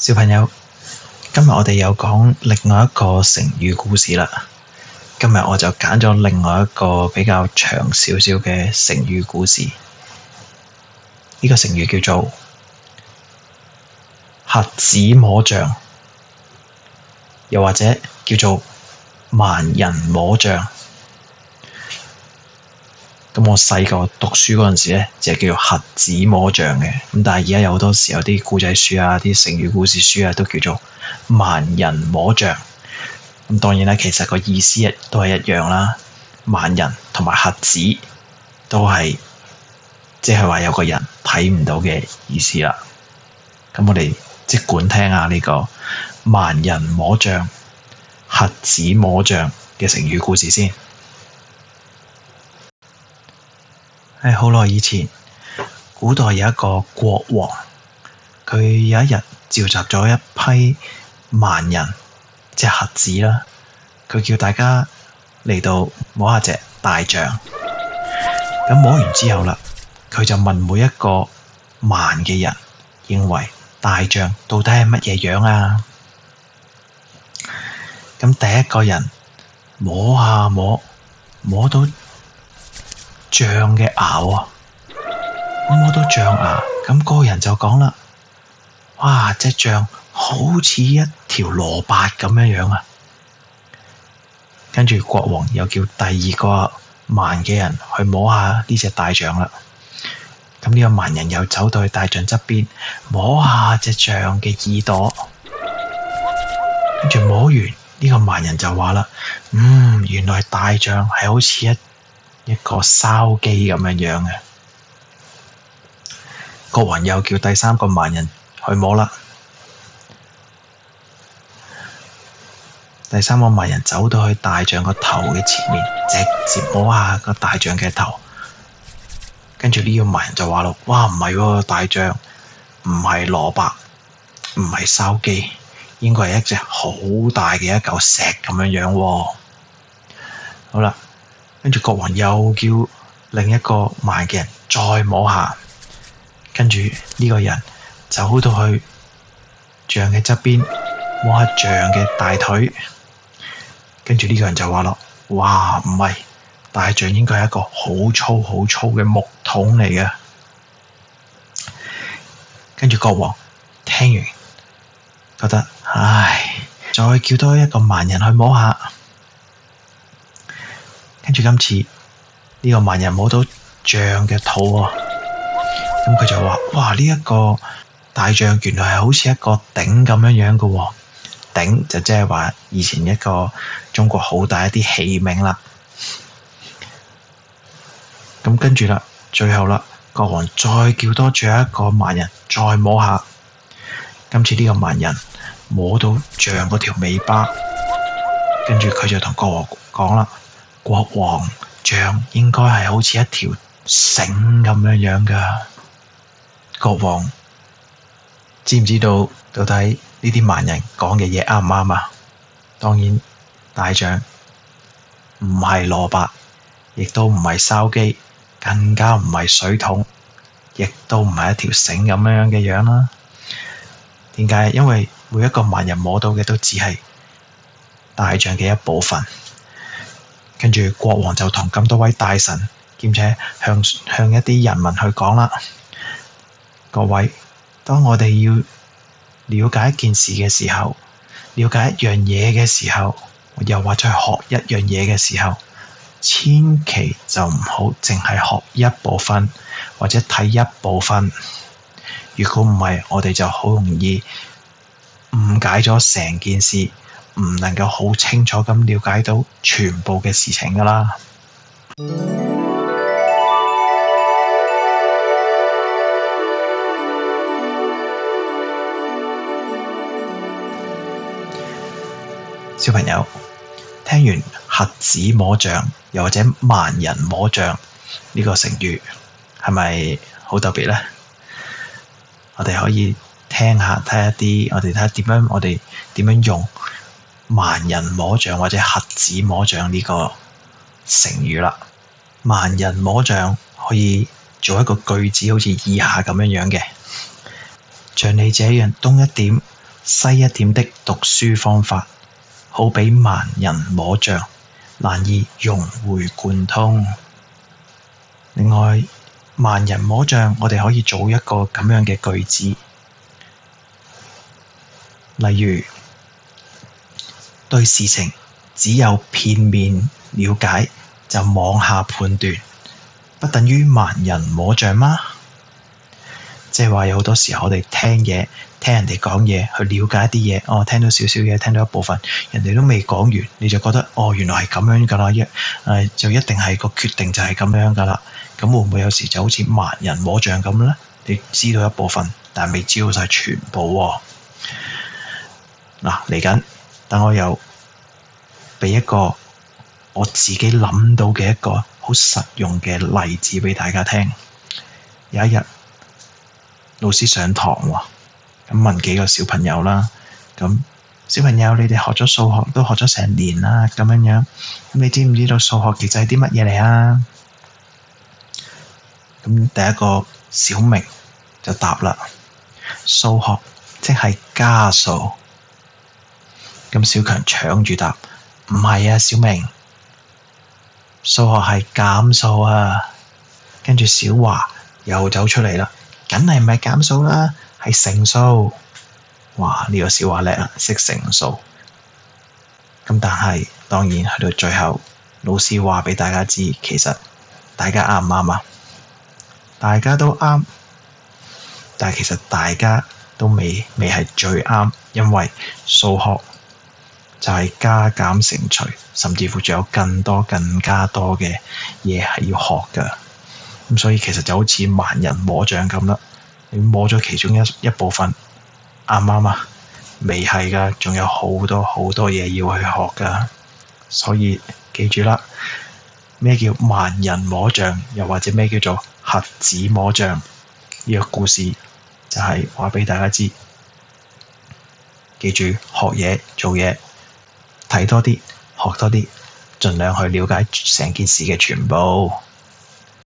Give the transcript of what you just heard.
小朋友，今日我哋又講另外一個成語故事啦。今日我就揀咗另外一個比較長少少嘅成語故事。呢、這個成語叫做瞎子摸象，又或者叫做盲人摸象。咁我細個讀書嗰陣時咧，就係叫做瞎子摸象嘅。咁但係而家有好多時有啲古仔書啊、啲成語故事書啊，都叫做盲人摸象。咁當然啦，其實個意思亦都係一樣啦。盲人同埋瞎子都係即係話有個人睇唔到嘅意思啦。咁我哋即管聽下呢個盲人摸象、瞎子摸象嘅成語故事先。喺好耐以前，古代有一個國王，佢有一日召集咗一批盲人，即係瞎子啦。佢叫大家嚟到摸下隻大象。咁摸完之後啦，佢就問每一個盲嘅人，認為大象到底係乜嘢樣啊？咁第一個人摸下摸，摸到。象嘅牙喎，摸到象牙，咁個人就講啦：哇，隻象好似一條蘿蔔咁樣樣啊！跟住國王又叫第二個盲嘅人去摸下呢隻大象啦。咁呢個盲人又走到去大象側邊摸下隻象嘅耳朵，跟住摸完呢個盲人就話啦：嗯，原來大象係好似一。一個燒雞咁樣樣嘅，個云又叫第三個盲人去摸啦。第三個盲人走到去大象個頭嘅前面，直接摸下個大象嘅頭，跟住呢個盲人就話咯：哇，唔係喎，大象唔係蘿卜，唔係燒雞，應該係一隻好大嘅一嚿石咁樣樣。好啦。跟住國王又叫另一個盲嘅人再摸下，跟住呢個人走到去象嘅側邊摸下象嘅大腿，跟住呢個人就話咯：哇，唔係，大象應該係一個好粗好粗嘅木桶嚟嘅。跟住國王聽完，覺得唉，再叫多一個盲人去摸下。今次呢、這個盲人摸到象嘅肚喎，咁佢就話：哇！呢、這、一個大象原來係好似一個鼎咁樣樣嘅，鼎就即係話以前一個中國好大一啲器皿啦。咁跟住啦，最後啦，國王再叫多住一個盲人再摸下，今次呢個盲人摸到象嗰條尾巴，跟住佢就同國王講啦。國王，像應該係好似一條繩咁樣樣噶國王，知唔知道到底呢啲盲人講嘅嘢啱唔啱啊？當然，大象唔係蘿蔔，亦都唔係筲箕，更加唔係水桶，亦都唔係一條繩咁樣樣嘅樣啦。點解？因為每一個盲人摸到嘅都只係大象嘅一部分。跟住，國王就同咁多位大臣，兼且向向一啲人民去講啦。各位，當我哋要了解一件事嘅時候，了解一樣嘢嘅時候，又或者係學一樣嘢嘅時候，千祈就唔好淨係學一部分，或者睇一部分。如果唔係，我哋就好容易誤解咗成件事。唔能夠好清楚咁了解到全部嘅事情噶啦。小朋友，聽完核子摸象，又或者盲人摸象呢個成語，係咪好特別呢？我哋可以聽下，睇下啲，我哋睇下點樣，我哋點樣用。盲人摸象或者瞎子摸象呢個成語啦，盲人摸象可以做一個句子，好似以下咁樣樣嘅，像你這樣東一點西一點的讀書方法，好比盲人摸象，難以融會貫通。另外，盲人摸象我哋可以做一個咁樣嘅句子，例如。對事情只有片面了解就妄下判斷，不等於盲人摸象嗎？即係話有好多時候我哋聽嘢，聽人哋講嘢去了解一啲嘢。哦，聽到少少嘢，聽到一部分，人哋都未講完，你就覺得哦，原來係咁樣噶啦，一誒就一定係個決定就係咁樣噶啦。咁會唔會有時就好似盲人摸象咁呢？你知道一部分，但未知道晒全部。嗱、啊，嚟緊。等我又俾一個我自己諗到嘅一個好實用嘅例子俾大家聽。有一日老師上堂喎，咁問幾個小朋友啦。咁小朋友，你哋學咗數學都學咗成年啦，咁樣樣咁你知唔知道數學其實係啲乜嘢嚟啊？咁第一個小明就答啦，數學即係加數。咁小強搶住答，唔係啊，小明，數學係減數啊。跟住小華又走出嚟啦，梗係唔係減數啦，係乘數。哇，呢個小華叻啊，識乘數。咁但係，當然去到最後，老師話畀大家知，其實大家啱唔啱啊？大家都啱，但係其實大家都未未係最啱，因為數學。就係加減乘除，甚至乎仲有更多更加多嘅嘢係要學噶，咁所以其實就好似盲人摸象咁啦，你摸咗其中一一部分，啱唔啱啊？未係噶，仲有好多好多嘢要去學噶，所以記住啦，咩叫盲人摸象，又或者咩叫做瞎子摸象？呢個故事就係話畀大家知，記住學嘢做嘢，睇多啲，學多啲，盡量去了解成件事嘅全部。